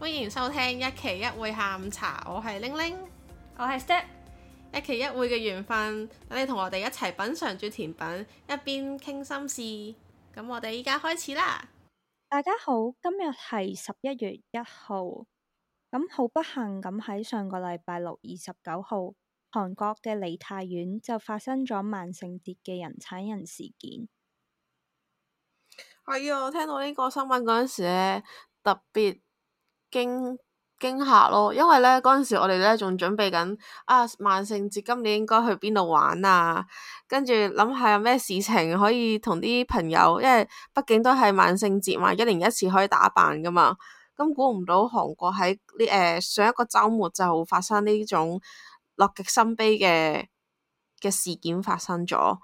歡迎收聽一期一會下午茶，我係玲玲，我係 Step。一期一會嘅緣分，等你同我哋一齊品嘗住甜品，一邊傾心事。咁我哋依家開始啦。大家好，今日係十一月一號，咁好不幸咁喺上個禮拜六二十九號。韓國嘅梨泰院就發生咗萬聖節嘅人踩人事件。係啊、哎，聽到呢個新聞嗰陣時咧，特別驚驚吓咯，因為咧嗰陣時我哋咧仲準備緊啊萬聖節今年應該去邊度玩啊，跟住諗下有咩事情可以同啲朋友，因為畢竟都係萬聖節嘛，一年一次可以打扮噶嘛，咁估唔到韓國喺呢誒上一個周末就發生呢種。樂極生悲嘅嘅事件發生咗，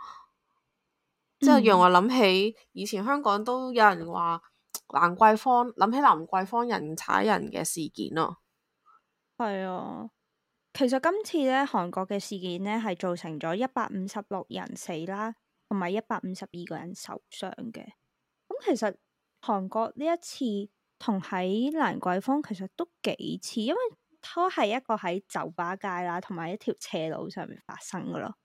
即係讓我諗起、嗯、以前香港都有人話蘭桂坊諗起蘭桂坊人踩人嘅事件咯。係啊，其實今次咧韓國嘅事件咧係造成咗一百五十六人死啦，同埋一百五十二個人受傷嘅。咁其實韓國呢一次同喺蘭桂坊其實都幾似，因為。都係一個喺酒吧街啦，同埋一條斜路上面發生嘅咯。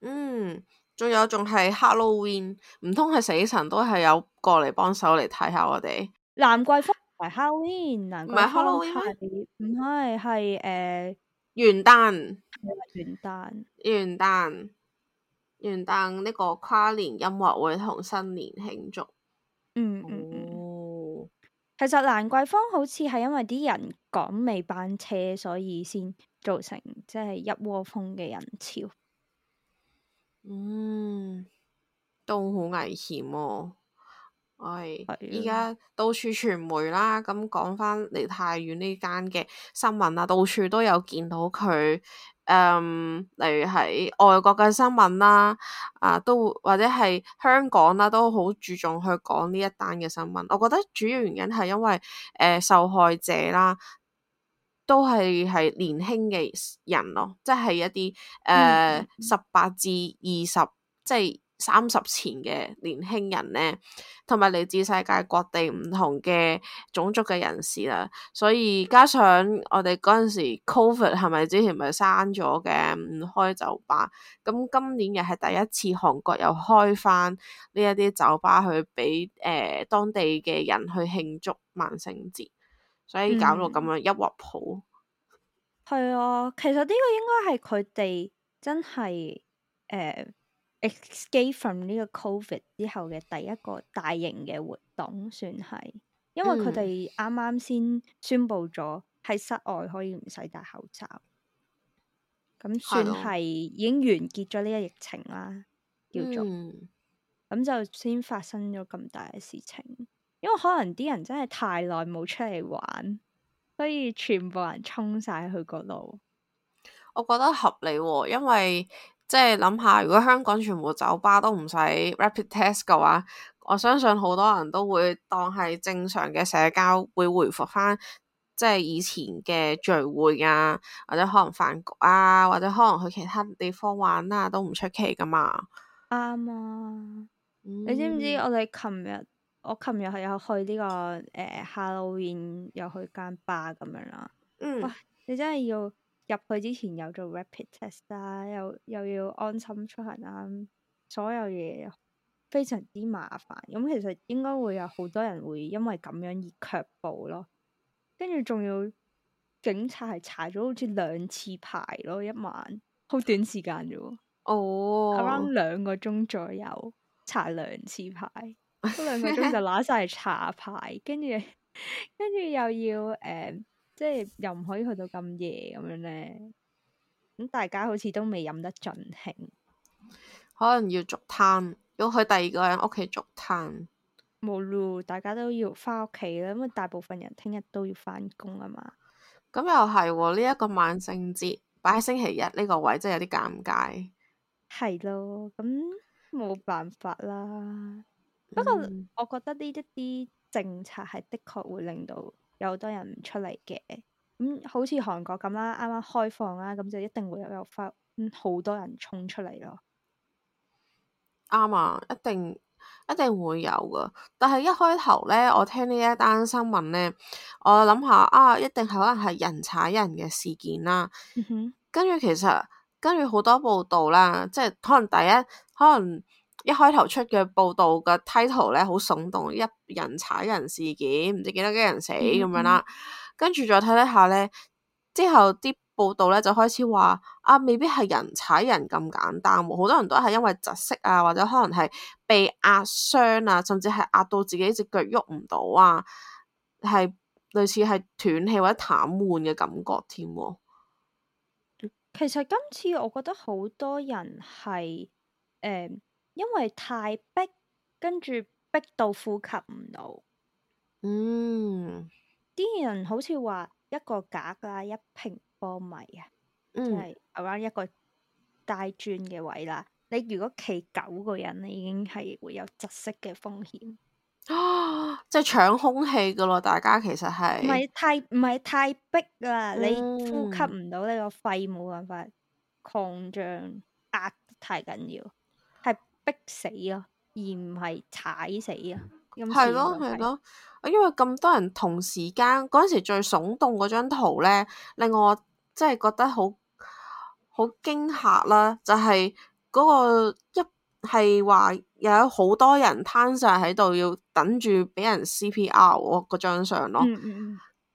嗯，仲有仲係 Halloween，唔通係死神都係有過嚟幫手嚟睇下我哋？蘭桂坊，唔係 Halloween，唔係 Halloween，唔係係誒元旦，元旦，元旦，元旦呢個跨年音樂會同新年慶祝。嗯嗯。嗯其實蘭桂坊好似係因為啲人趕尾班車，所以先造成即係、就是、一窩蜂嘅人潮。嗯，都好危險哦。唉、哎，依家的到處傳媒啦，咁講返嚟，梨泰院呢間嘅新聞啦，到處都有見到佢。誒，um, 例如喺外國嘅新聞啦，啊，都或者係香港啦，都好注重去講呢一單嘅新聞。我覺得主要原因係因為誒、呃、受害者啦，都係係年輕嘅人咯，即係一啲誒十八至二十、mm，hmm. 即係。三十前嘅年輕人咧，同埋嚟自世界各地唔同嘅種族嘅人士啦，所以加上我哋嗰陣時，Covid 係咪之前咪刪咗嘅唔開酒吧？咁今年又係第一次韓國又開翻呢一啲酒吧去，去俾誒當地嘅人去慶祝萬聖節，所以搞到咁樣一鑊泡。係啊，嗯哦，其實呢個應該係佢哋真係誒。呃 Escape from 呢個 COVID 之後嘅第一個大型嘅活動，算係，因為佢哋啱啱先宣布咗喺室外可以唔使戴口罩，咁算係已經完結咗呢個疫情啦，叫做，咁、嗯、就先發生咗咁大嘅事情，因為可能啲人真係太耐冇出嚟玩，所以全部人衝晒去嗰度，我覺得合理。哦，因為。即係諗下，如果香港全部酒吧都唔使 rapid test 嘅話，我相信好多人都會當係正常嘅社交，會回復翻即係以前嘅聚會啊，或者可能飯局啊，或者可能去其他地方玩啊，都唔出奇噶嘛。啱啊！嗯、你知唔知我哋琴日我琴日係有去呢、呢個誒、呃、Halloween，又去間吧咁樣啦、啊。嗯。哇！你真係要～入去之前有做 rapid test 啦、啊，又又要安心出行啦、啊，所有嘢非常之麻煩。咁、嗯、其實應該會有好多人會因為咁樣而卻步咯。跟住仲要警察係查咗好似兩次牌咯，一晚好短時間啫喎。哦、oh.，around 兩個鐘左右查兩次牌，嗰兩個鐘就攞晒查牌，跟住跟住又要誒。Uh, 即係又唔可以去到咁夜咁樣咧，咁大家好似都未飲得盡興，可能要續攤，要去第二個人屋企續攤，冇路，大家都要翻屋企啦。因為大部分人聽日都要翻工啊嘛。咁又係呢一個萬聖節擺喺星期日呢個位，真係有啲尷尬。係咯，咁冇辦法啦。嗯、不過我覺得呢一啲政策係的確會令到。有好多人出嚟嘅，好似韓國咁啦，啱啱開放啦，咁就一定會有翻，好多人衝出嚟咯。啱啊，一定一定會有㗎。但係一開頭呢，我聽呢一單新聞呢，我諗下啊，一定係可能係人踩人嘅事件啦。 跟住其實跟住好多報導啦，即係可能第一可能。一開頭出嘅報道嘅 title 咧，好聳動，一人踩人事件，唔知幾多幾人死咁、嗯、樣啦。跟住再睇一下咧，之後啲報道咧就開始話啊，未必係人踩人咁簡單，好多人都係因為窒息啊，或者可能係被壓傷啊，甚至係壓到自己隻腳喐唔到啊，係類似係斷氣或者癱瘓嘅感覺添。其實今次我覺得好多人係誒。嗯因為太逼，跟住逼到呼吸唔到。嗯，啲人好似話一個格啊，一平方米啊，即係 around 一個大磚嘅位啦。你如果企九個人，你已經係會有窒息嘅風險。哦，即係搶空氣噶咯，大家其實係唔係太唔係太逼啦，嗯、你呼吸唔到，你個肺冇辦法擴張，壓得太緊要。逼死啊，而唔係踩死啊。係咯、就是，係咯。啊，因為咁多人同時間嗰陣時最聳動嗰張圖咧，令我即係覺得好好驚嚇啦。就係、是、嗰、嗰個一係話有好多人攤晒喺度，要等住俾人 CPR 嗰張相咯。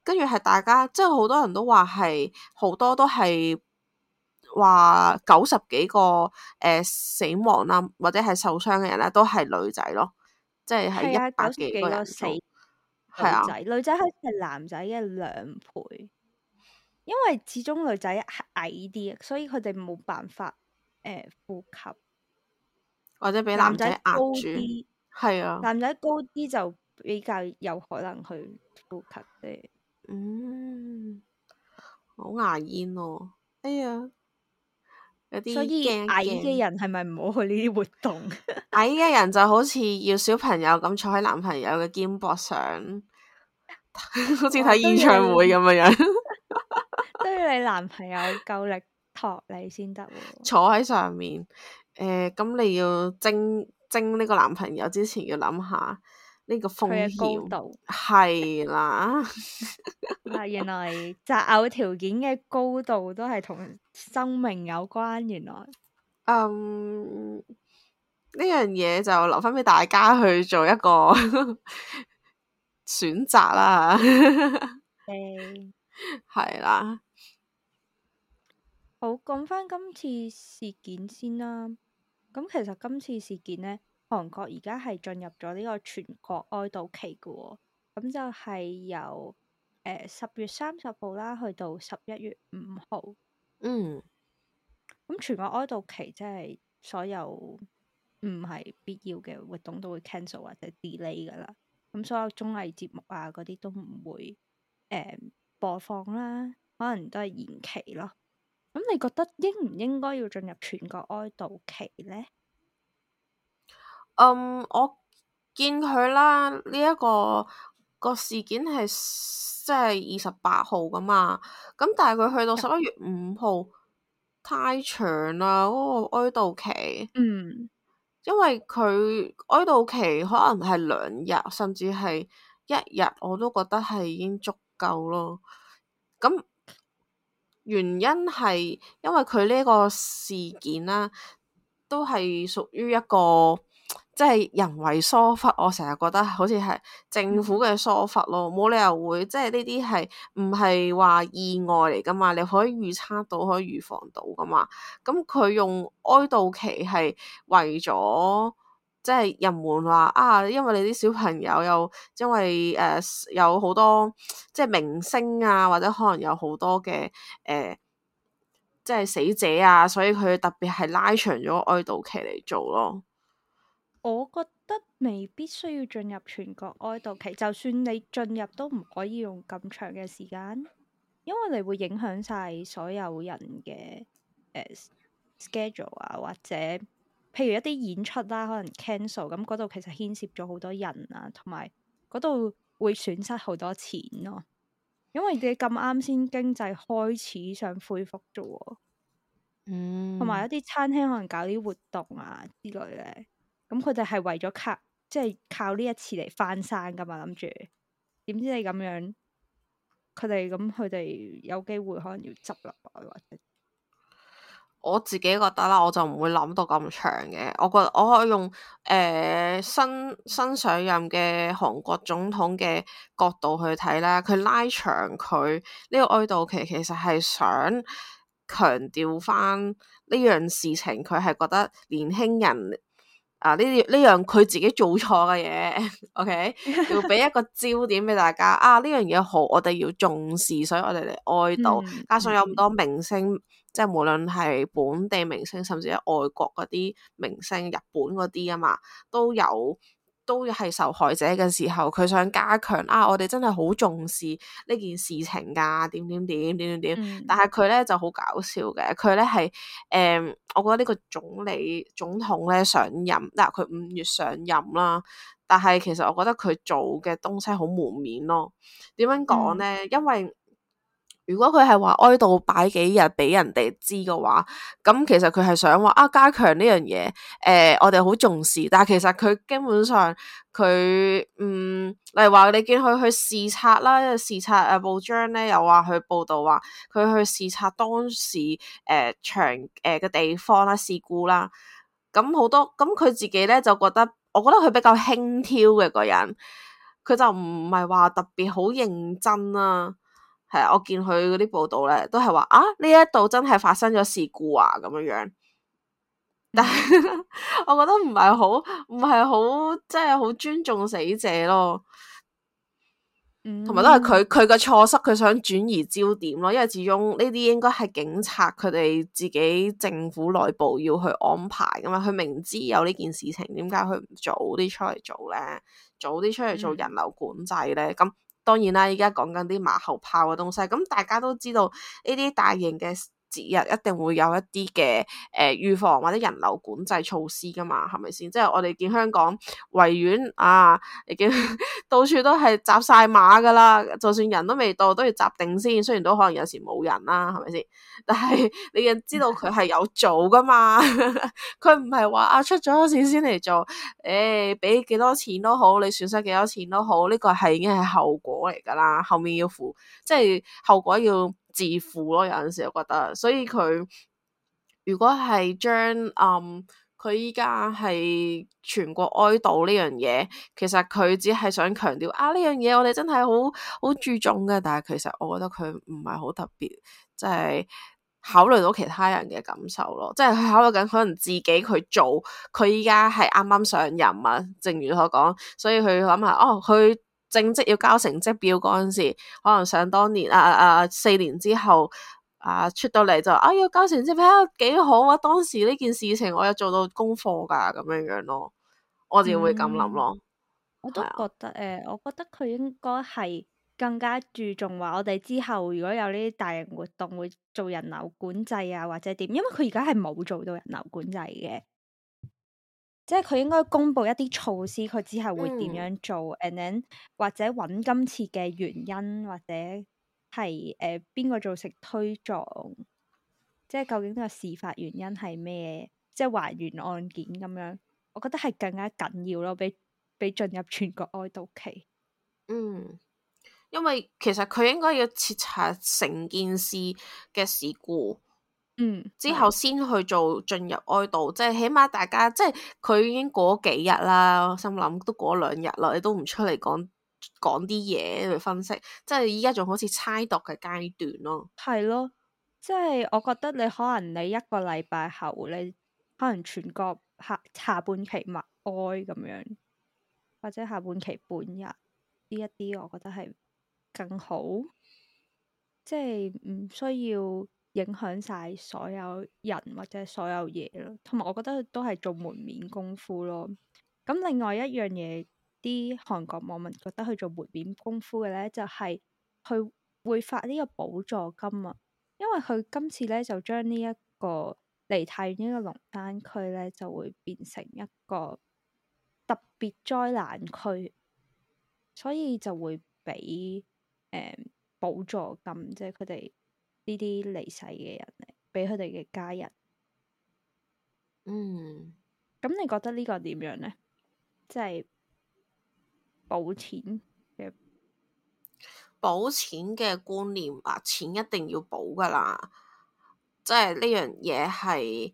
跟住係大家，即係好多人都話係好多都係。話九十幾個誒、呃、死亡啦，或者係受傷嘅人咧，都係女仔咯，即係係一百幾個死女仔，的女仔好似係男仔嘅兩倍，因為始終女仔係矮啲，所以佢哋冇辦法誒、呃、呼吸，或者俾男仔壓住，係啊，的男仔高啲就比較有可能去呼吸嘅，嗯，好牙煙咯、哦，哎呀～所以矮嘅人係咪唔好去呢啲活動？矮嘅人就好似要小朋友咁坐喺男朋友嘅肩膊上， 好似睇演唱會咁嘅樣。都 要你男朋友夠力托你先得。啊。坐喺上面，誒、呃，咁你要爭爭呢個男朋友之前要諗下呢個風險度係是啦。啊 原來擇偶條件嘅高度都係同。生命有關，原來，嗯，呢樣嘢就留翻俾大家去做一個選擇啦。誒，係啦，好講翻今次事件先啦。咁其實今次事件呢，韓國而家係進入咗呢個全國哀悼期噶喎，咁就係由誒呃，十月三十號啦，去到十一月五號。嗯，咁全國哀悼期即係所有唔係必要嘅活動都會 cancel 或者 delay 噶啦。咁所有綜藝節目啊嗰啲都唔會誒、嗯、播放啦，可能都係延期咯。咁你覺得應唔應該要進入全國哀悼期咧？嗯，我見佢啦，呢、這、一個。個事件係即係二十八號噶嘛，咁但係佢去到十一月五號太長啦，嗰個哀悼期，嗯，因為佢哀悼期可能係兩日，甚至係一日，我都覺得係已經足夠咯。咁原因係因為佢呢個事件啦，都係屬於一個。即係人為疏忽，我成日覺得好似係政府嘅疏忽咯，冇理由會即係呢啲係唔係話意外嚟噶嘛，你可以預測到，可以預防到噶嘛？咁、嗯、佢用哀悼期係為咗即係人們話啊，因為你啲小朋友有因為誒、呃、有好多即係明星啊，或者可能有好多嘅誒、呃、即係死者啊，所以佢特別係拉長咗哀悼期嚟做咯。我覺得未必需要進入全國哀悼期，就算你進入都唔可以用咁長嘅時間，因為你會影響晒所有人嘅、呃、schedule 啊，或者譬如一啲演出啦、啊，可能 cancel，咁嗰度其實牽涉咗好多人啊，同埋嗰度會損失好多錢咯、啊，因為你咁啱先經濟開始想恢復啫喎、啊，同埋一啲餐廳可能搞啲活動啊之類嘅。咁佢哋係為咗靠即係、就是、靠呢一次嚟翻山噶嘛？諗住，點知你咁樣，佢哋咁佢哋有機會可能要執笠，我，我自己覺得啦，我就唔會諗到咁長嘅。我覺得我可以用誒、呃、新新上任嘅韓國總統嘅角度去睇啦。佢拉長佢呢、這個哀悼期，其實係想強調翻呢樣事情。佢係覺得年輕人。啊！呢啲呢樣佢自己做錯嘅嘢 ，OK，要俾一個焦點俾大家。 啊！呢樣嘢好，我哋要重視，所以我哋嚟哀悼，嗯、加上有咁多明星，嗯、即係無論係本地明星，甚至係外國嗰啲明星，日本嗰啲啊嘛，都有。都係受害者嘅時候，佢想加強啊！我哋真係好重視呢件事情㗎、啊，點點點點點點。嗯、但係佢咧就好搞笑嘅，佢咧係誒，我覺得呢個總理總統咧上任，嗱佢五月上任啦，但係其實我覺得佢做嘅東西好門面咯。點樣講咧？嗯、因為如果佢係話哀悼擺幾日俾人哋知嘅話，咁其實佢係想話啊加強呢樣嘢。誒、呃，我哋好重視，但係其實佢基本上佢，嗯，例如話你見佢去視察啦，視察誒、呃、報章咧又話佢報道話佢去視察當時誒場誒嘅地方啦，事故啦。咁好多咁佢自己咧就覺得，我覺得佢比較輕佻嘅個人，佢就唔係話特別好認真啦、啊。係啊，我見佢嗰啲報道咧，都係話啊呢一度真係發生咗事故啊咁樣樣，但係我覺得唔係好唔係好即係好尊重死者咯，同埋、mm hmm. 都係佢佢嘅錯失，佢想轉移焦點咯。因為始終呢啲應該係警察佢哋自己政府內部要去安排噶嘛。佢明知有呢件事情，點解佢唔早啲出嚟做咧？早啲出嚟做人流管制咧？咁、mm。Hmm. 當然啦，而家講緊啲馬後炮嘅東西，咁大家都知道呢啲大型嘅節日一定會有一啲嘅誒預防或者人流管制措施噶嘛，係咪先？即係我哋見香港維園啊，你見到,到處都係集晒馬噶啦，就算人都未到都要集定先。雖然都可能有時冇人啦，係咪先？但係你要知道佢係有做噶嘛，佢唔係話啊出咗事先嚟做，誒俾幾多錢都好，你損失幾多錢都好，呢、這個係已經係後果嚟噶啦，後面要負，即係後果要。自負咯，有陣時我覺得，所以佢如果係將佢依家係全國哀悼呢樣嘢，其實佢只係想強調啊呢樣嘢我哋真係好好注重嘅，但係其實我覺得佢唔係好特別，即係考慮到其他人嘅感受咯，即係佢考慮緊可能自己去做，佢依家係啱啱上任啊，正如我講，所以佢諗下哦佢。正職要交成績表嗰陣時，可能想當年啊啊四年之後啊出到嚟就啊要交成績表，幾、啊、好啊！當時呢件事情我有做到功課噶咁樣樣咯，我哋會咁諗咯。啊、我都覺得誒、呃，我覺得佢應該係更加注重話，我哋之後如果有呢啲大型活動會做人流管制啊，或者點，因為佢而家係冇做到人流管制嘅。即係佢應該公布一啲措施，佢之後會點樣做，嗯，and then 或者揾今次嘅原因，或者係誒邊個做成推撞，即係究竟個事發原因係咩？即係還原案件咁樣，我覺得係更加緊要咯，比比進入全國哀悼期。嗯，因為其實佢應該要徹查成件事嘅事故。嗯，之後先去做進入哀悼，嗯，即係起碼大家即係佢已經過咗幾日啦，我心諗都過兩日啦，你都唔出嚟講講啲嘢去分析，即係依家仲好似猜度嘅階段咯。係咯，即係我覺得你可能你一個禮拜後，你可能全國下下半期默哀咁樣，或者下半期半日呢一啲，我覺得係更好，即係唔需要。影響晒所有人或者所有嘢咯，同埋我覺得都係做門面功夫咯。咁另外一樣嘢，啲韓國網民覺得佢做門面功夫嘅咧，就係、是、佢會發呢個補助金啊，因為佢今次咧就將呢一個梨泰院呢個龍山區咧，就會變成一個特別災難區，所以就會俾誒補助金，即係佢哋。呢啲離世嘅人嚟，畀佢哋嘅家人。嗯，咁你覺得呢個點樣呢？即係補錢嘅，補錢嘅觀念啊，錢一定要補噶啦。即係呢樣嘢係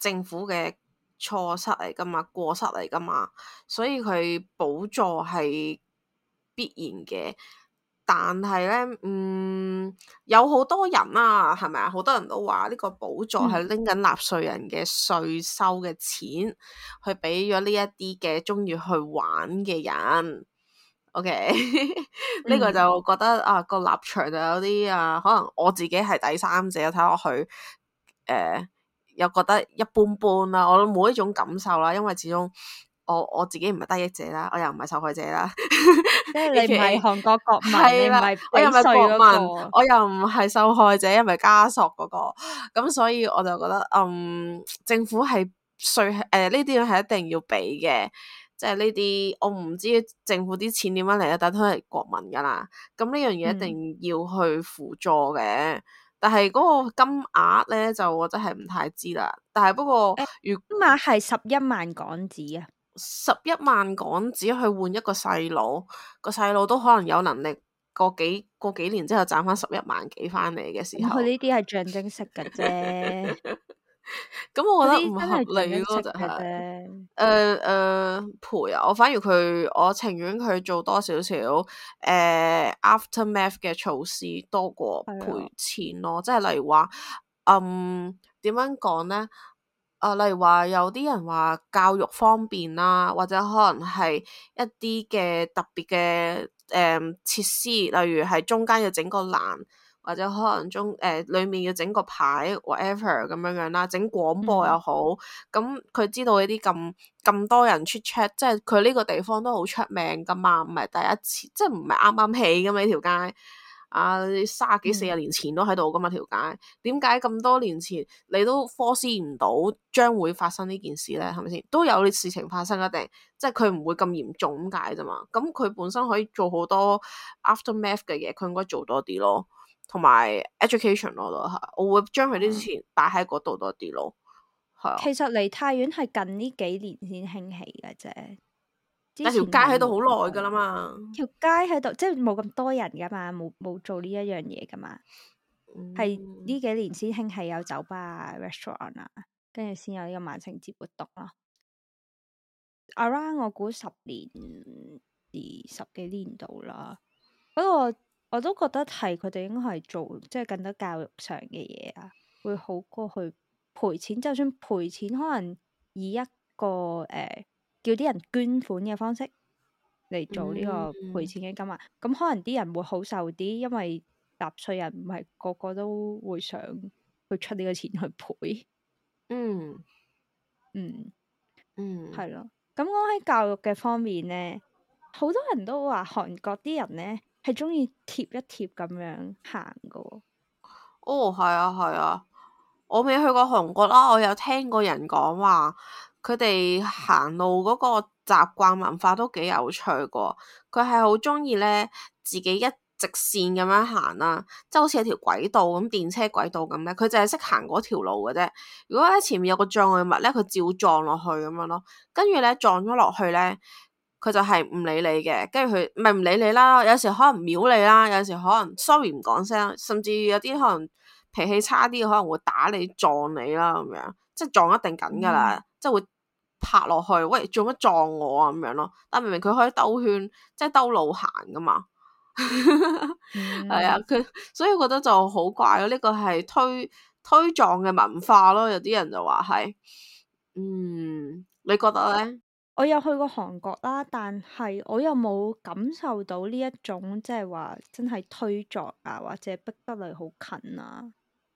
政府嘅錯失嚟噶嘛，過失嚟噶嘛，所以佢補助係必然嘅。但係咧，嗯，有好多人啊，係咪啊？好多人都話呢個補助係拎緊納稅人嘅稅收嘅錢，嗯、去俾咗呢一啲嘅中意去玩嘅人。OK，呢 個就覺得啊，這個立場就有啲啊，可能我自己係第三者睇落去，誒、呃，又覺得一般般啦、啊，我都冇一種感受啦、啊，因為始終。我我自己唔係得益者啦，我又唔係受害者啦。即 係你唔係韓國國民，係啦的，我又唔係國民，那個、我又唔係受害者，因為家屬嗰、那個，咁所以我就覺得，嗯，政府係稅，誒呢啲嘢係一定要俾嘅，即係呢啲我唔知政府啲錢點樣嚟啦，但係都係國民噶啦。咁呢樣嘢一定要去輔助嘅，嗯、但係嗰個金額咧，就我真係唔太知啦。但係不過，呃、如果係十一萬港紙啊！十一萬港紙去換一個細佬，個細佬都可能有能力，過幾過幾年之後賺翻十一萬幾翻嚟嘅時候，佢呢啲係象徵式嘅啫。咁我覺得唔合理咯，就是，就係。誒誒賠啊！我反而佢，我情願佢做多，多少少誒、呃、aftermath 嘅措施，多過賠錢咯。的即係例如話，嗯，點樣講咧？啊，例如話有啲人話教育方便啦，或者可能係一啲嘅特別嘅誒、呃、設施，例如係中間要整個欄，或者可能中誒裏、呃、面要整個牌，whatever 咁樣樣啦，整廣播又好，咁佢、嗯嗯、知道呢啲咁咁多人出 check，即係佢呢個地方都好出名㗎嘛，唔係第一次，即係唔係啱啱起咁呢條街。啊，你卅幾四十年前都喺度噶嘛條街，點解咁多年前你都 foresee 唔到將會發生呢件事咧？係咪先都有啲事情發生一定，即係佢唔會咁嚴重咁解咋嘛？咁佢本身可以做好多 aftermath 嘅嘢，佢應該做多啲咯，同埋 education 咯，我會將佢啲錢擺喺嗰度多啲咯。嗯啊、其實梨泰院係近呢幾年先興起嘅啫。但條街喺度好耐噶啦嘛，條街喺度即係冇咁多人噶嘛，冇冇做呢一樣嘢噶嘛，係呢、嗯、幾年先興，係有酒吧、restaurant 啊，跟住先有呢個萬聖節活動咯、啊。Around 我估十年至十幾年度啦，不過我，我都覺得係佢哋應該係做即係、就是、更多教育上嘅嘢啊，會好過去賠錢。就算賠錢，可能以一個誒。呃叫啲人捐款嘅方式嚟做呢個賠錢嘅金額，咁、嗯、可能啲人會好受啲，因為納稅人唔係個個都會想去出呢個錢去賠。嗯，嗯，嗯，係咯。咁我喺教育嘅方面咧，好多人都話韓國啲人咧係中意貼一貼咁樣行噶。哦，係啊，係啊，我未去過韓國啦，我有聽過人講話。佢哋行路嗰個習慣文化都幾有趣喎，佢係好中意咧自己一直線咁樣行啦，即係好似一條軌道咁電車軌道咁咧，佢淨係識行嗰條路嘅啫。如果喺前面有個障礙物咧，佢照撞落去咁樣咯。跟住咧撞咗落去咧，佢就係唔理你嘅。跟住佢咪唔理你啦，有時可能秒你啦，有時可能 sorry 唔講聲，甚至有啲可能脾氣差啲可能會打你撞你啦咁樣，即係撞一定緊㗎啦，嗯、即係會。拍落去，喂，做乜撞我啊？咁樣咯，但明明佢可以兜圈，即係兜路行噶嘛，係 啊、嗯，佢，所以我覺得就好怪咯。呢、呢個係推推撞嘅文化咯，有啲人就話係，嗯，你覺得咧？我有去過韓國啦，但係我又冇感受到呢一種即係話真係推撞啊，或者逼得嚟好近啊。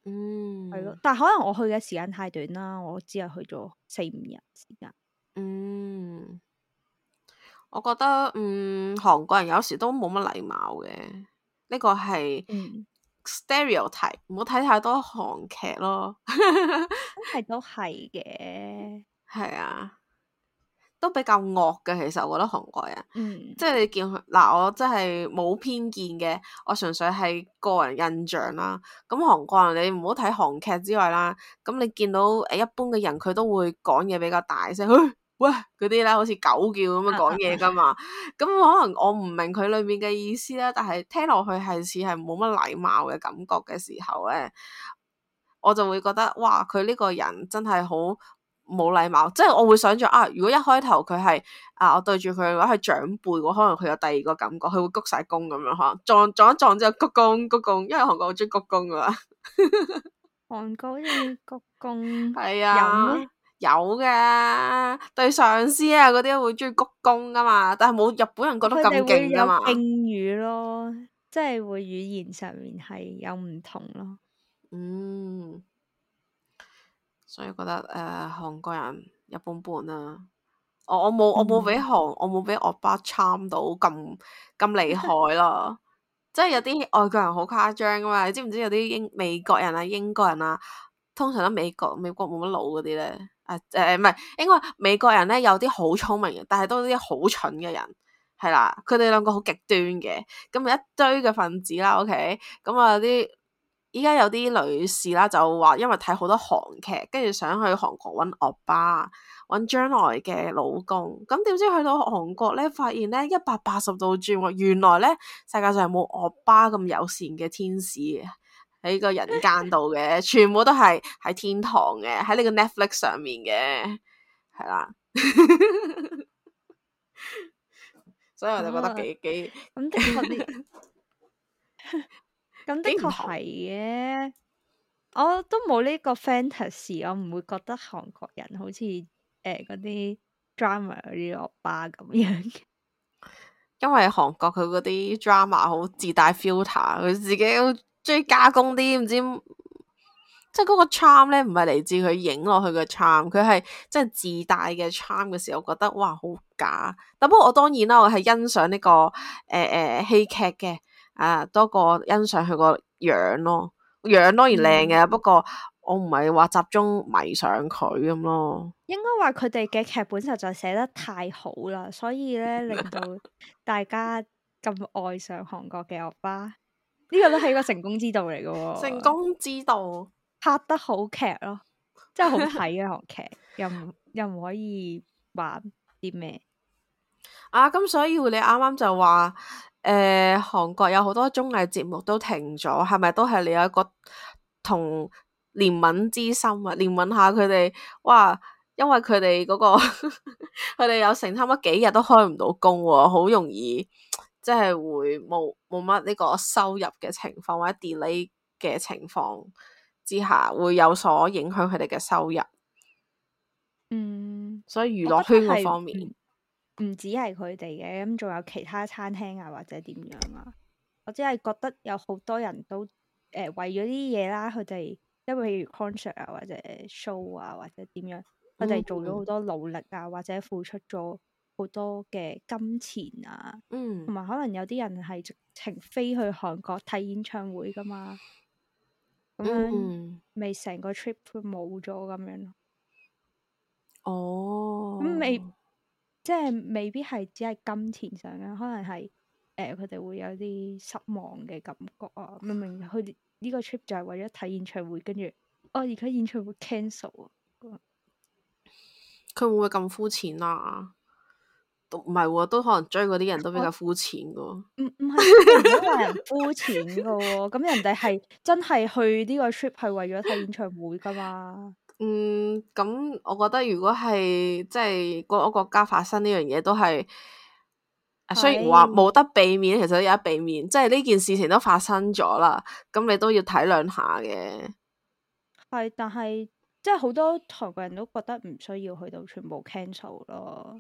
嗯，係咯，但係可能我去嘅時間太短啦，我只係去咗四五日時間。嗯，我覺得嗯，韓國人有時都冇乜禮貌嘅，呢、這個係 stereotype，唔好睇、嗯、太多韓劇咯，係 都係嘅，係啊。都比較惡嘅，其實我覺得韓國人，嗯、即係你見嗱，我真係冇偏見嘅，我純粹係個人印象啦。咁韓國人你唔好睇韓劇之外啦，咁你見到誒一般嘅人，佢都會講嘢比較大聲，哎、喂嗰啲咧，好似狗叫咁樣講嘢噶嘛。咁 可能我唔明佢裏面嘅意思啦，但係聽落去係似係冇乜禮貌嘅感覺嘅時候咧，我就會覺得哇，佢呢個人真係好～冇禮貌，即係我會想象啊，如果一開頭佢係啊，我對住佢嘅話係長輩，可能佢有第二個感覺，佢會鞠晒躬咁樣，可能撞撞一撞之後鞠躬鞠躬，因為韓國好中意鞠躬噶嘛。韓 國要鞠躬，係 啊，有嘅嗎，對上司啊嗰啲會中意鞠躬噶嘛，但係冇日本人覺得咁勁噶嘛。敬語咯，即係會語言上面係有唔同咯。嗯。所以覺得誒，韓、呃、國人一般般啦。我我冇我冇俾韓，我冇俾我、嗯、我，我爸參到咁咁厲害咯。 即係有啲外國人好誇張啊嘛。你知唔知有啲英美國人啊、英國人啊，通常都美國美國冇乜腦嗰啲咧。誒、呃、誒，唔、呃、係，因為美國人咧有啲好聰明嘅，但係都有啲好蠢嘅人係啦。佢哋兩個好極端嘅，咁有一堆嘅分子啦。OK，咁啊啲。依家有啲女士啦，就話因為睇好多韓劇，跟住想去韓國揾歐巴，揾將來嘅老公。咁點知去到韓國咧，發現咧一百八十度轉，原來咧世界上冇歐巴咁友善嘅天使喺個人間度嘅，全部都係喺天堂嘅，喺呢個 Netflix 上面嘅，係啦。所以我就覺得幾幾咁的確係嘅，誒我都冇呢個 fantasy，我唔會覺得韓國人好似誒嗰啲 drama 嗰啲惡霸咁樣嘅。因為韓國佢嗰啲 drama 好自帶 filter，佢自己好中意加工啲，唔知即係嗰個 charm 咧，唔係嚟自佢影落去嘅 charm，佢係即係自帶嘅 charm 嘅時候，我覺得哇好假。但不過我當然啦，我係欣賞呢、這個誒誒、呃呃、戲劇嘅。啊，多過欣賞佢個樣咯，樣當然靚嘅，嗯、不過我唔係話集中迷上佢咁咯。應該話佢哋嘅劇本實在寫得太好啦，所以咧令到大家咁愛上韓國嘅歐巴，呢、這個都係一個成功之道嚟嘅。 成功之道拍得好劇咯，真係好睇嘅韓劇，又唔又唔可以話啲咩啊？咁所以你啱啱就話。誒、呃，韓國有好多綜藝節目都停咗，係咪都係你有一個同憐憫之心啊？憐憫下佢哋哇，因為佢哋嗰個佢哋有成差唔多幾日都開唔到工喎、啊，好容易即係、就是、會冇冇乜呢個收入嘅情況或者 delay 嘅情況之下，會有所影響佢哋嘅收入。嗯，所以娛樂圈嗰方面。唔止係佢哋嘅，咁仲有其他餐廳啊，或者點樣啊？我只係覺得有好多人都誒、呃、為咗啲嘢啦，佢哋因為譬如 concert 啊，或者 show 啊，或者點樣，佢哋做咗好多努力啊，或者付出咗好多嘅金錢啊。同埋、嗯、可能有啲人係直情飛去韓國睇演唱會噶嘛，咁樣未成、嗯、個 trip 冇咗咁樣咯。哦。咁未。即係未必係只係金錢上嘅，可能係誒佢哋會有啲失望嘅感覺啊！明明，去呢個 trip 就係為咗睇演唱會，跟住哦而家演唱會 cancel 啊！佢會唔會咁膚淺啊？唔係喎，都可能追嗰啲人都比較膚淺噶喎。唔唔係冇人膚淺噶喎，咁人哋係真係去呢個 trip 係為咗睇演唱會噶嘛？ 嗯，咁我覺得如果係即係各個國家發生呢樣嘢，都係是雖然話冇得避免，其實有得避免，即係呢件事情都發生咗啦，咁你都要體諒下嘅。係，但係即係好多韓國人都覺得唔需要去到全部 cancel 咯，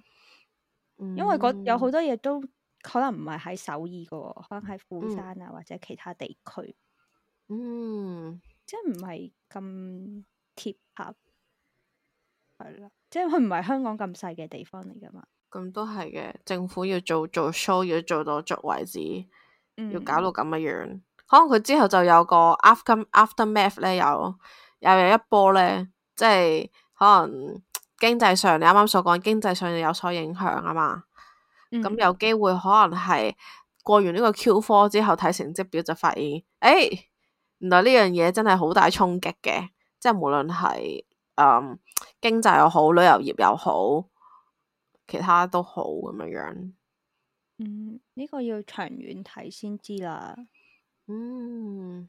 因為、嗯、有好多嘢都可能唔係喺首爾噶，可能喺釜山啊、嗯、或者其他地區，嗯，即係唔係咁。即係佢唔係香港咁細嘅地方嚟噶嘛？咁都係嘅，政府要做做 show，要做到足為止，嗯、要搞到咁嘅樣。可能佢之後就有個 after, aftermath 咧，又又有，有一波咧，即係可能經濟上，你啱啱所講經濟上有所影響啊嘛。咁、嗯、有機會可能係過完呢個 Q four 之後睇成績表就發現，誒、欸，原來呢樣嘢真係好大衝擊嘅。即係無論係誒經濟又好，旅遊業又好，其他都好咁樣樣。嗯，呢、這個要長遠睇先知啦。嗯，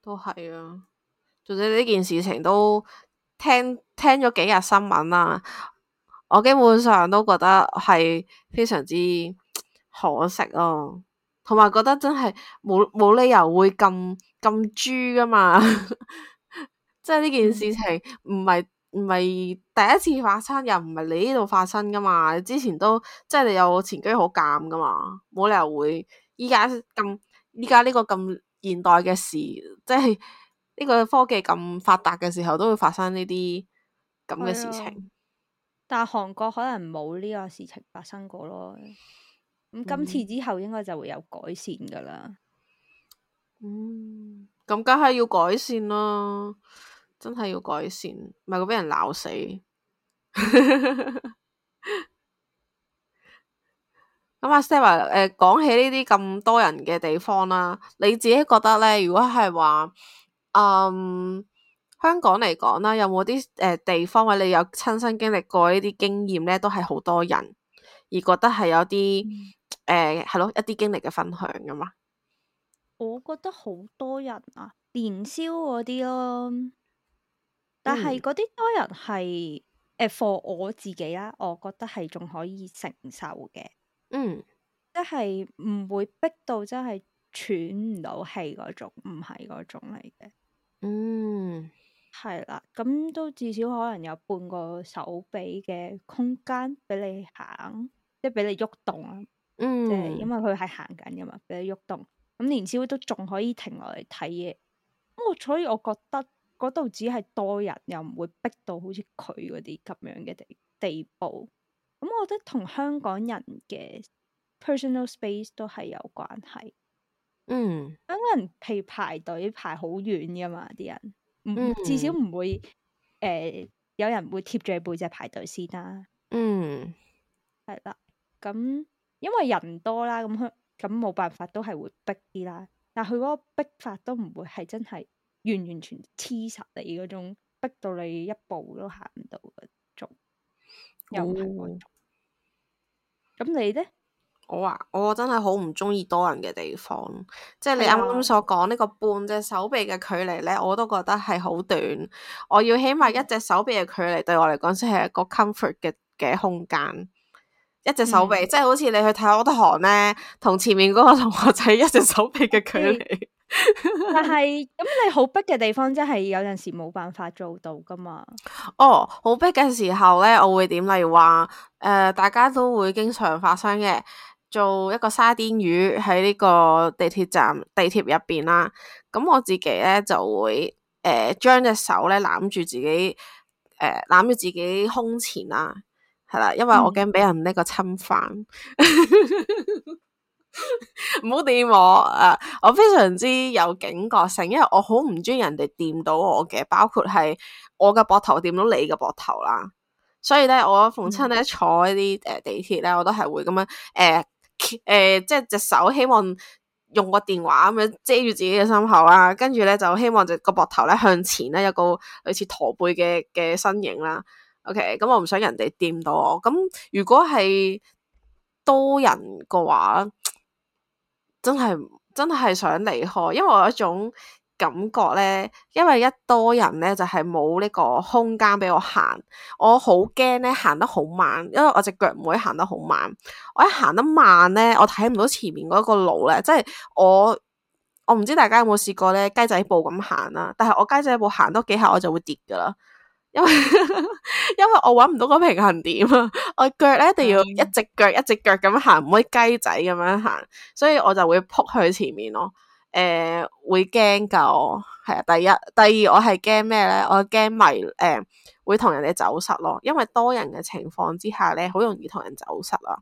都係啊。總之呢件事情都聽聽咗幾日新聞啦，我基本上都覺得係非常之可惜咯，啊，同埋覺得真係冇冇理由會咁咁豬噶嘛。 即係呢件事情唔係唔係第一次發生，又唔係你呢度發生噶嘛？之前都即係你有前因好鑒噶嘛？冇理由會依家咁，依家呢個咁現代嘅事，即係呢個科技咁發達嘅時候，都會發生呢啲咁嘅事情。但係韓國可能冇呢個事情發生過咯。咁今次之後應該就會有改善噶啦，嗯。嗯，咁梗係要改善咯。真係要改善，唔係佢俾人鬧死。咁阿 Sarah 話誒，講起呢啲咁多人嘅地方啦，你自己覺得咧？如果係話，嗯，香港嚟講啦，有冇啲誒地方位你有親身經歷過經驗呢啲經驗咧？都係好多人而覺得係有啲誒，係、嗯呃、咯一啲經歷嘅分享噶嘛？我覺得好多人啊，年宵嗰啲咯。但係嗰啲多人係，嗯、誒，for 我自己啦，我覺得係仲可以承受嘅，嗯，即係唔會逼到真係喘唔到氣嗰種，唔係嗰種嚟嘅，嗯，係啦，咁都至少可能有半個手臂嘅空間俾你行，即係俾你喐動啦，嗯，即係因為佢係行緊噶嘛，俾你喐動動，咁年少都仲可以停落嚟睇嘢，咁我所以我覺得。嗰度只係多人，又唔會逼到好似佢嗰啲咁樣嘅地地步。咁我覺得同香港人嘅 personal space 都係有關係。嗯，香港人譬如排隊排好遠噶嘛，啲人唔至少唔會誒、嗯呃、有人會貼住你背脊排隊先啦。嗯，係啦。咁因為人多啦，咁佢咁冇辦法都係會逼啲啦。但係佢嗰個逼法都唔會係真係，完完全黐實你嗰種，逼到你一步都行唔到嗰種，又係嗰種。咁你呢？我啊，我真係好唔中意多人嘅地方。即係你啱啱所講呢、啊、個半隻手臂嘅距離呢，我都覺得係好短。我要起碼一隻手臂嘅距離，對我嚟講先係一個 comfort 嘅嘅空間。一隻手臂，嗯、即係好似你去睇我堂呢，同前面嗰個同學仔一隻手臂嘅距離。 但係咁、嗯，你好逼嘅地方，即係有陣時冇辦法做到噶嘛？哦，好逼嘅時候咧，我會點？例如話，誒、呃，大家都會經常發生嘅，做一個沙甸魚喺呢個地鐵站、地鐵入邊啦。咁我自己咧就會誒，將、呃、隻手咧攬住自己，誒、呃，攬住自己胸前啦，係啦，因為我驚俾人呢個侵犯。嗯 唔好掂我啊！我非常之有警覺性，因為我好唔中意人哋掂到我嘅，包括係我嘅膊頭掂到你嘅膊頭啦。所以咧，我逢親咧坐一啲誒地鐵咧，我都係會咁樣誒誒、呃呃，即係隻手希望用個電話咁樣遮住自己嘅心口啦。跟住咧就希望隻個膊頭咧向前咧有個類似駝背嘅嘅身形啦。OK，咁、嗯、我唔想人哋掂到我。咁、嗯、如果係多人嘅話。真係真係想離開，因為我有一種感覺咧，因為一多人咧就係冇呢個空間俾我行，我好驚咧行得好慢，因為我隻腳唔會行得好慢，我一行得慢咧，我睇唔到前面嗰個路咧，即係我我唔知大家有冇試過咧雞仔步咁行啦，但係我雞仔步行多幾下我就會跌噶啦。因為因為我搵唔到個平衡點啊，我腳咧一定要一隻腳一隻腳咁行，唔可以雞仔咁樣行，所以我就會撲去前面咯。誒、呃，會驚噶，係啊，第一、第二我，我係驚咩咧？我驚咪誒，會同人哋走失咯。因為多人嘅情況之下咧，好容易同人走失啊。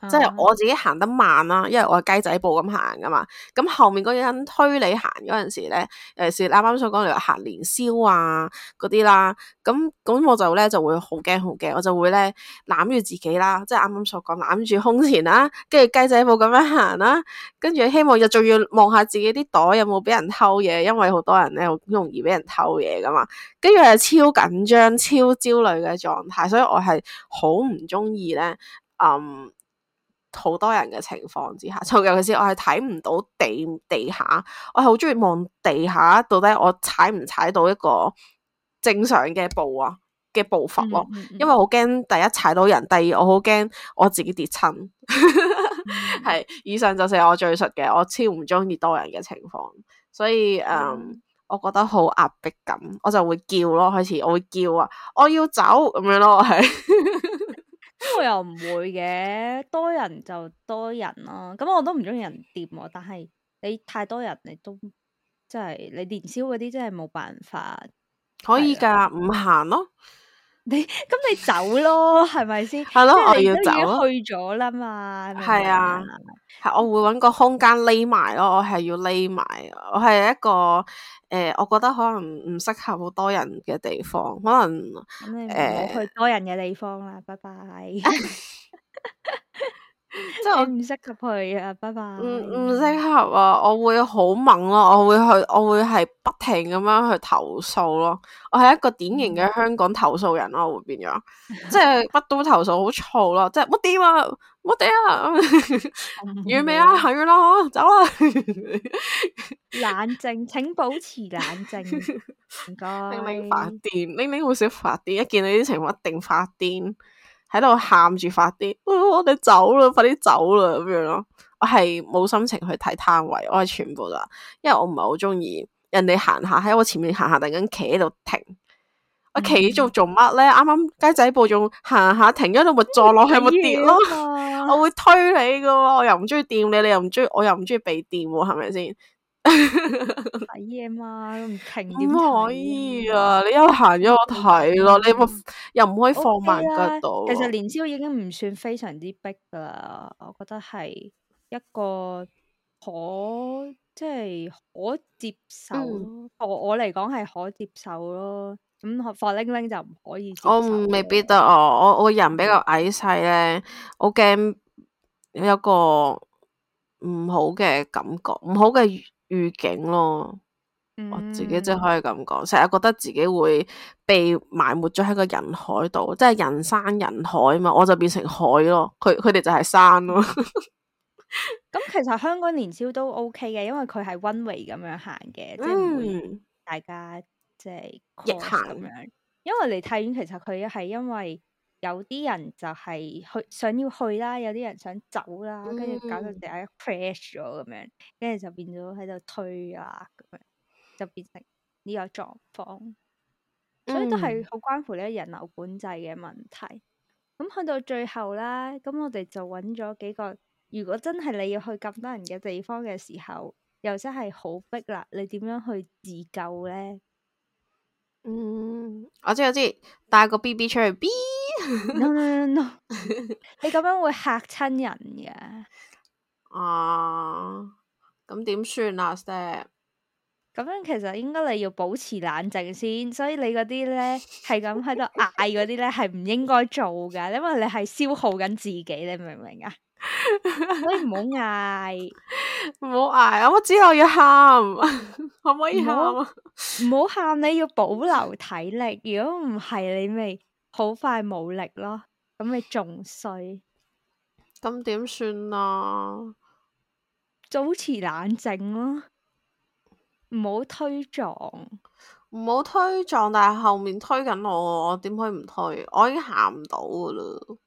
嗯、即係我自己行得慢啦，啊，因為我係雞仔步咁行噶嘛，咁後面嗰人推你行嗰陣時咧，誒，是啱啱所講嚟，行年宵啊嗰啲啦，咁咁我就咧就會好驚好驚，我就會咧攬住自己啦，即係啱啱所講攬住胸前啦，啊，跟住雞仔步咁樣行啦，啊，跟住希望又仲要望下自己啲袋有冇俾人偷嘢，因為好多人咧好容易俾人偷嘢噶嘛，跟住係超緊張、超焦慮嘅狀態，所以我係好唔中意咧，嗯。好多人嘅情況之下，就尤其是我係睇唔到地地下，我係好中意望地下到底我踩唔踩到一個正常嘅步啊嘅步伐咯，嗯嗯、因為好驚第一踩到人，第二我好驚我自己跌親。係 以上就係我最熟嘅，我超唔中意多人嘅情況，所以誒、嗯嗯，我覺得好壓迫感，我就會叫咯，開始我會叫啊，我要走咁樣咯，係。 我又唔會嘅，多人就多人咯、啊。咁、嗯、我都唔中意人掂，但係你太多人，你都即係你年宵嗰啲真係冇辦法。可以噶，唔、啊、行咯。你咁你走咯，係咪先？係咯， 我要走咯。去咗啦嘛。係啊，係我會揾個空間匿埋咯。我係要匿埋。我係一個誒、呃，我覺得可能唔適合好多人嘅地方。可能誒，去多人嘅地方啦。呃、拜拜。 即係我唔適合去啊，拜拜。唔唔適合啊，我會好猛咯、啊，我會去，我會係不停咁樣去投訴咯、啊。我係一個典型嘅香港投訴人咯， 我會變咗。即係不都投訴，好嘈咯。即係我點啊，我點啊， 完未啊？係啦 的，走啦、啊。冷 靜，請保持冷靜。明明 謝發癲，明明好少發癲，一見到啲情況一定發癲。喺度喊住發啲，我哋走啦，快啲走啦咁樣咯。我係冇心情去睇攤位，我係全部噶，因為我唔係好中意人哋行下喺我前面行下，突然間企喺度停，我企做做乜咧？啱啱雞仔步仲行下停，停咗度咪坐落去咪跌咯？ 嗎 我會推你噶，我又唔中意掂你，你又唔中意，我又唔中意被掂，係咪先？睇嘢 嘛，唔停點可以啊，你悠閒咗我睇咯， 你咪又唔可以放慢腳步、okay 啊。啊、其實年宵已經唔算非常之逼噶啦，我覺得係一個可即係可接受。嗯、我我嚟講係可接受咯。咁放零零就唔可以。我未必得我， 我我我人比較矮細咧，我驚有個唔好嘅感覺，唔好嘅。預警咯，我自己即係可以咁講，成日覺得自己會被埋沒咗喺個人海度，即係人山人海嘛，我就變成海咯，佢佢哋就係山咯。咁、 嗯、其實香港年宵都 OK 嘅，因為佢係 one way 咁樣行嘅，即係唔會大家即係逆行咁樣。嗯、因為梨泰院，其實佢係因為。有啲人就係去想要去啦，有啲人想走啦，跟住、嗯、搞到成日 crash 咗咁樣，跟住就變咗喺度推啦，咁樣就變成呢、啊、個狀況，所以都係好關乎呢人流管制嘅問題。咁去、嗯、到最後啦，咁我哋就揾咗幾個。如果真係你要去咁多人嘅地方嘅時候，又真係好逼啦，你點樣去自救咧？嗯，我知我知，帶個 B B 出去 no no no， 你咁樣會嚇親人嘅。啊，咁點算啊？Sir，咁樣其實應該你要保持冷靜先，所以你嗰啲咧係咁喺度嗌嗰啲咧係唔應該做噶，因為你係消耗緊自己，你明唔明啊？你唔好嗌，唔好嗌，啊！我之後要喊，可唔 可以唔好喊，你要保留體力，如果唔係你未……好快冇力咯，咁你仲衰，咁點算啊？保持冷靜啦，唔好推撞，唔好推撞，但係後面推緊我，我點可以唔推？我已經行唔到噶啦。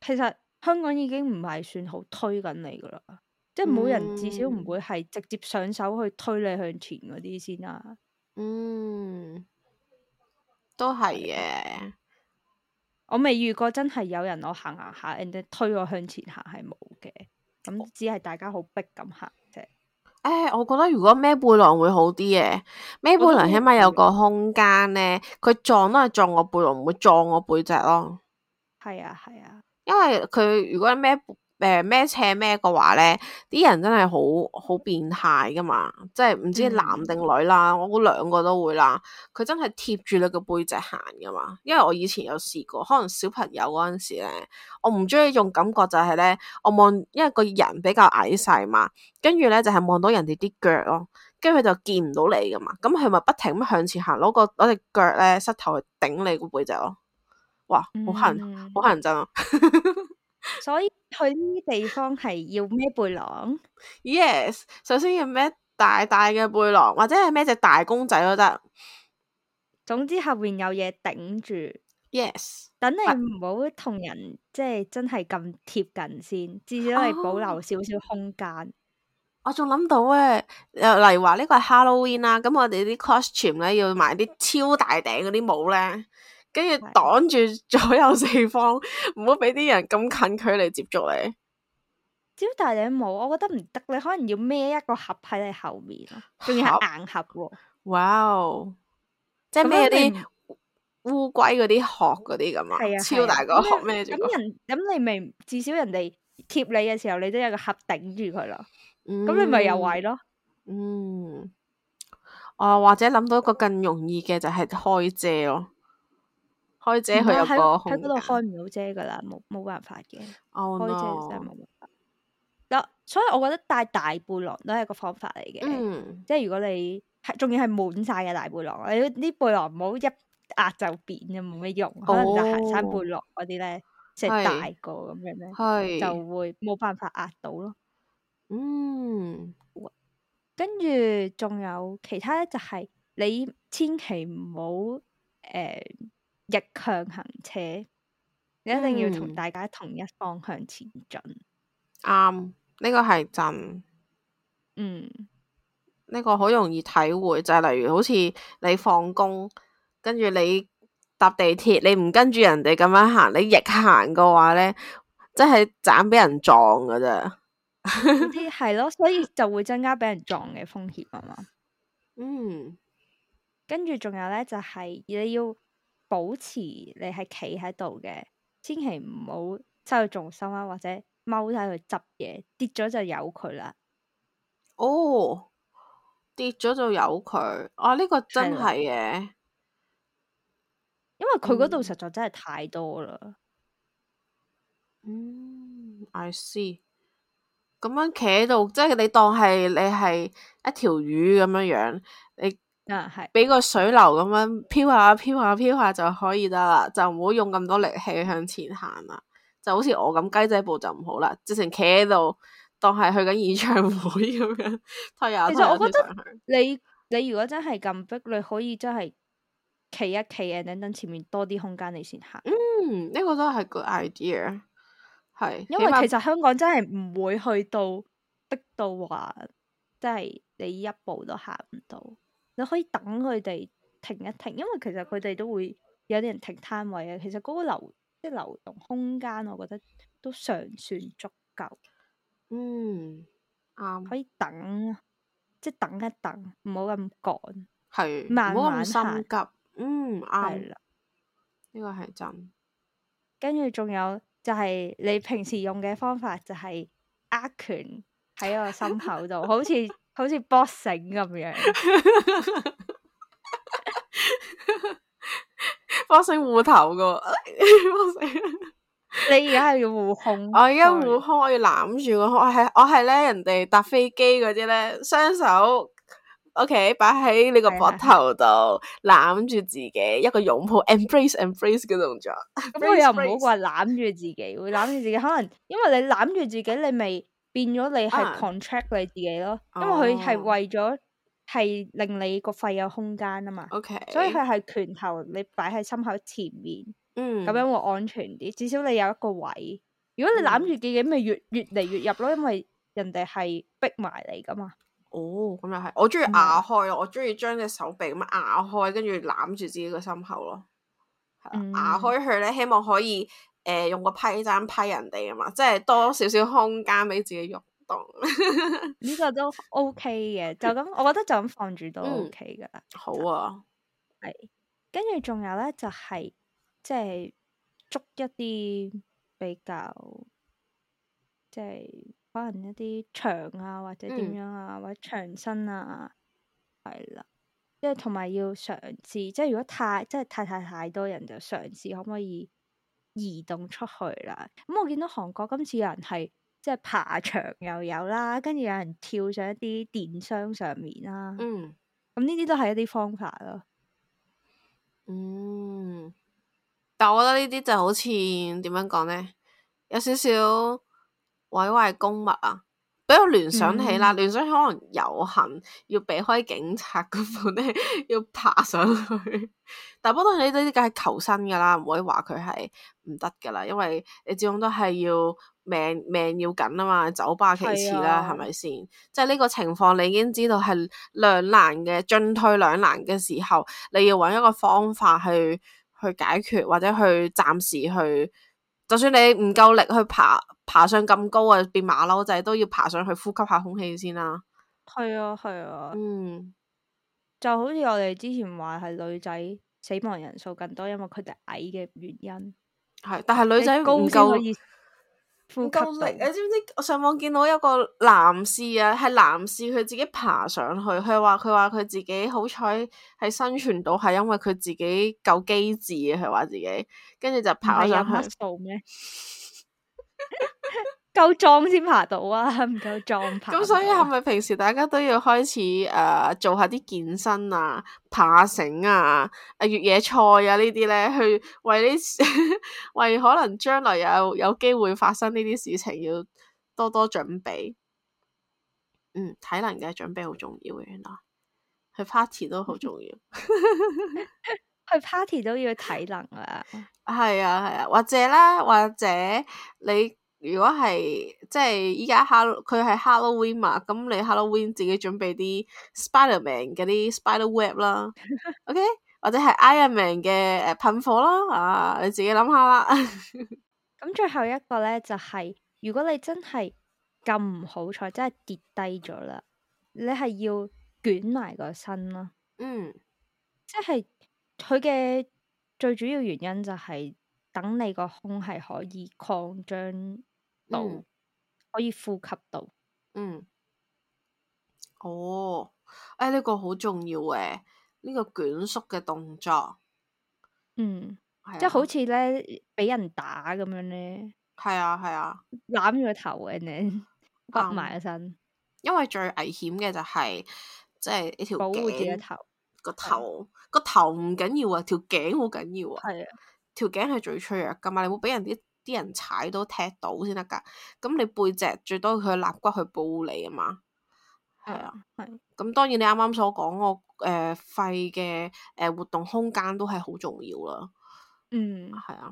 其實香港已經唔係算好推緊你噶啦，即係冇人至少唔會係直接上手去推你向前嗰啲先啦、啊嗯。嗯，都係嘅。我未遇過真係有人我行行下，人哋推我向前行係冇嘅，咁、嗯、只係大家好逼咁行啫。誒、哎，我覺得如果孭背囊會好啲嘅，孭背囊起碼有個空間咧，佢撞都係撞我背囊，唔會撞我背脊咯。係啊係啊，啊因為佢如果孭背。誒，咩、呃、斜咩嘅話咧？啲人真係好好變態噶嘛！即係唔知男定女啦，我估兩個都會啦。佢真係貼住你個背脊行噶嘛？因為我以前有試過，可能小朋友嗰陣時咧，我唔中意用感覺就係咧，我望因為個人比較矮細嘛，跟住咧就係、是、望到人哋啲腳咯，跟住佢就見唔到你噶嘛。咁佢咪不停咁向前行，攞個攞隻腳咧，膝頭去頂你個背脊咯。哇，好吓好吓人真啊！ 所以去呢啲地方係要孭背囊，Yes，首先要孭大大嘅背囊，或者係孭隻大公仔都得。總之後邊有嘢頂住，Yes，等你唔好同人喂即係真係咁貼近先，至少係保留少少空間。Oh, 我仲諗到誒，又例如話呢個係 Halloween 啦，咁我哋啲 costume 咧，要買啲超大頂嗰啲帽咧。跟住擋住左右四方，唔好俾啲人咁近距離接觸你。超大頂帽，我覺得唔得，你可能要孭一個盒喺你後面咯，仲要係硬盒。哇哦！即係孭啲烏龜嗰啲殼嗰啲咁啊，啊超大個殼咩、啊？住、啊。咁人咁你咪至少人哋貼你嘅時候，你都有個盒頂住佢啦。咁、嗯、你咪有位咯。嗯。哦、啊，或者諗到一個更容易嘅就係開遮咯。開遮去又個喺喺度開唔到遮噶啦，冇冇辦法嘅。開遮真係冇辦法嗱，所以我覺得帶大背囊都係一個方法嚟嘅。Mm. 即係如果你係，仲要係滿晒嘅大背囊，你啲背囊唔好一壓就扁，就冇咩用。Oh. 可能就行山背囊嗰啲咧，即係大個咁樣咧，就,是、Yes. 就會冇辦法壓到咯。嗯，mm. 跟住仲有其他咧，就係你千祈唔好誒。嗯逆向行車，你一定要同大家同一方向前進。啱、嗯，呢個係真。嗯，呢個好容易體會，就係、是、例如好似你放工，跟住你搭地鐵，你唔跟住人哋咁樣行，你逆行嘅話咧，即係盞俾人撞噶咋、嗯。係咯， 所以就會增加俾人撞嘅風險啊嘛。嗯，跟住仲有咧，就係、是、你要。保持你係企喺度嘅，千祈唔好收去重心啦、啊，或者踎喺度執嘢，跌咗就由佢啦。哦，跌咗就由佢，啊呢、呢個真係嘅的，因為佢嗰度實在真係太多啦、嗯。嗯，I see，咁樣企喺度，即係你當係你係一條魚咁樣樣，你。啊，係俾個水流咁樣漂下漂下漂下，下就可以得啦，就唔好用咁多力氣向前行啦，就好似我咁雞仔步就唔好啦，直情企喺度當係去緊演唱會咁樣，其實我覺得你你如果真係咁逼，你可以真係企一企，等等前面多啲空間你先行，嗯，呢個都係 good idea，係，因為起碼其實香港真係唔會去到逼到話，即係你一步都行唔到。你可以等佢哋停一停，因為其實佢哋都會有啲人停攤位啊。其實嗰個流即係流動空間，我覺得都尚算足夠。嗯，啱。可以等，即係等一等，唔好咁趕，係是慢慢慢 心急。走嗯，係啱。呢的個係真。跟住仲有就係你平時用嘅方法，就係握拳喺個心口度， 好似。好似 boxing 咁樣，boxing 護頭噶，你而家係要護胸？我而家護胸，我要攬住我，我係我係咧人哋搭飛機嗰啲咧，雙手，OK 擺喺你個膊頭度攬住自己，是是是自己一個擁抱，embrace embrace 嘅動作。 不過我又唔好話攬住自己，攬住 自己，自己可能因為你攬住自己，你未。變咗你係 contract 你自己咯，oh. 因為佢係為咗係令你個肺有空間啊嘛。O Okay . K，所以佢係拳頭你擺喺心口前面，嗯，咁樣會安全啲。至少你有一個位。如果你攬住自己咪、嗯、越越嚟越入咯，因為人哋係逼埋你噶嘛。哦，咁又係，我中意咬開、嗯、我中意將隻手臂咁樣咬開，跟住攬住自己個心口咯，咬、嗯、開佢咧，希望可以。誒、呃、用個批針批人哋啊嘛，即係多少少空間俾自己喐動。呢 個都 OK 嘅， 就咁我覺得就咁放住都 OK 噶啦、嗯。好啊，係。跟住仲有咧，就係、是、即係捉一啲比較，即係可能一啲長啊，或者點樣啊，嗯、或者長身啊，係啦。即係同埋要嘗試，即係如果太即係太太太多人就嘗試可唔可以？移動出去啦，咁我見到韓國今次有人係即係爬牆又有啦，跟住有人跳上一啲電箱上面啦。嗯，咁呢啲都係一啲方法咯。嗯，但我覺得呢啲就好似點樣講呢？有少少毀壞公物啊。比我聯想起啦，聯、嗯、想起可能遊行要避開警察嗰部分咧，要爬上去。但不過你都梗係求生噶啦，唔可以話佢係唔得噶啦，因為你始終都係要命，命要緊啊嘛，走吧其次啦，係咪先？即係呢個情況，你已經知道係兩難嘅，進退兩難嘅時候，你要揾一個方法去去解決，或者去暫時去。就算你唔夠力去爬爬上咁高啊，變馬騮仔都要爬上去呼吸下空氣先啦。係啊，係啊，嗯，就好似我哋之前話係女仔死亡人數更多，因為佢哋矮嘅原因。係，但係女仔高唔夠。唔夠力，你知唔知？我上網見到有一個男士啊，係男士佢自己爬上去，佢話佢話佢自己好彩係生存到，係因為佢自己夠機智啊，佢話自己，跟住就爬上去。有咩？ 夠壯先爬到啊，唔夠壯爬，爬。咁 所以係咪平時大家都要開始誒、uh, 做一下啲健身啊、爬繩啊、啊越野賽啊呢啲咧，去為呢 為可能將來有有機會發生呢啲事情，要多多準備。嗯，體能嘅準備好重要嘅，原來去 party 都好重要， 去 party 都要體能 啊。係啊係啊，或者咧，或者你。如果係即係依家，Halloween 佢係 Halloween 嘛？咁你 Halloween 自己準備啲 Spiderman 嗰啲 Spiderweb 啦，OK， 或者係 Iron Man 嘅誒噴火啦，啊你自己諗下啦。咁 最後一個咧就係、是，如果你真係咁唔好彩，真係跌低咗啦，你係要捲埋個身咯。嗯，即係佢嘅最主要原因就係、是。等你個胸係可以擴張到，嗯、可以呼吸到。嗯，哦，誒、哎，呢、這個好重要嘅，呢、這個捲縮嘅動作。嗯，啊、即係好似咧俾人打咁樣咧。係啊，係啊，攬住個頭嘅呢，屈埋個身、嗯。因為最危險嘅就係即係呢條頸，保護住個頭，個頭、啊、個頭唔緊要啊，條頸好緊要啊。係啊。條頸係最脆弱㗎嘛，你會俾人啲啲人踩到、踢到先得㗎。咁、嗯、你背脊最多佢肋骨去保護你啊嘛。係啊，係。咁 當然你啱啱所講個誒肺嘅誒、呃、活動空間都係好重要啦。嗯，係啊。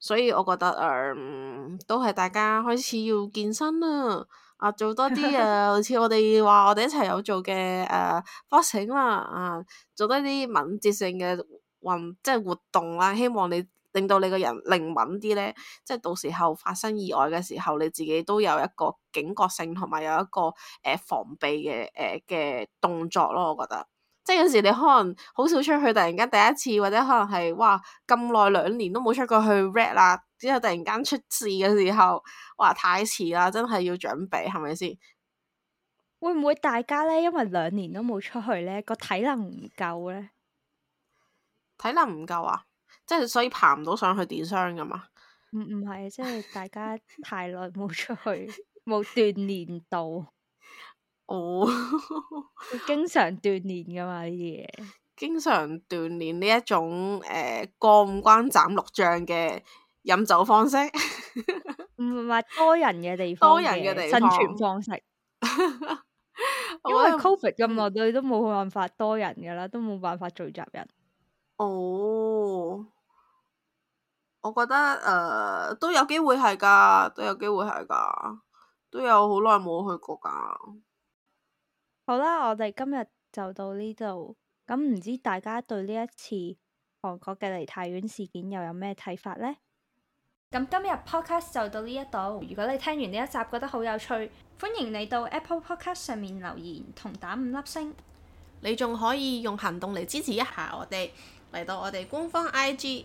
所以我覺得誒、呃，都係大家開始要健身啦。啊，做多啲啊，好似我哋話我哋一齊有做嘅誒 boxing 啦。啊，做多啲敏捷性嘅運即係活動啦、啊。希望你。令到你個人靈敏啲咧，即係到時候發生意外嘅時候，你自己都有一個警覺性，同埋有一個誒、呃、防備嘅誒嘅動作咯。我覺得，即係有時你可能好少出去，突然間第一次，或者可能係哇咁耐兩年都冇出過去，去 Rap 啦，之後突然間出事嘅時候，哇太遲啦，真係要準備係咪先？是是會唔會大家咧，因為兩年都冇出去咧，個體能唔夠咧？體能唔夠，夠啊？即係所以爬唔到上去電箱㗎嘛？唔唔係，即係大家太耐冇出去，冇 鍛鍊到。哦， 經常鍛鍊㗎嘛呢啲嘢？經常鍛鍊呢一種誒、呃、過五關斬六將嘅飲酒方式。唔 係多人嘅地方，多人嘅地方生存方式。 的因為 COVID 咁耐，你都冇辦法多人㗎啦，都冇辦法聚集人。哦。我覺得誒都有機會係噶，都有機會係噶，都有好耐冇去過噶。好啦，我哋今日就到呢度，咁唔知大家對呢一次韓國嘅梨泰院事件又有咩睇法呢？咁今日 podcast 就到呢一度，如果你聽完呢一集覺得好有趣，歡迎你到 Apple Podcast 上面留言同打五粒星，你仲可以用行動嚟，支持一下我哋嚟到我哋官方 IG。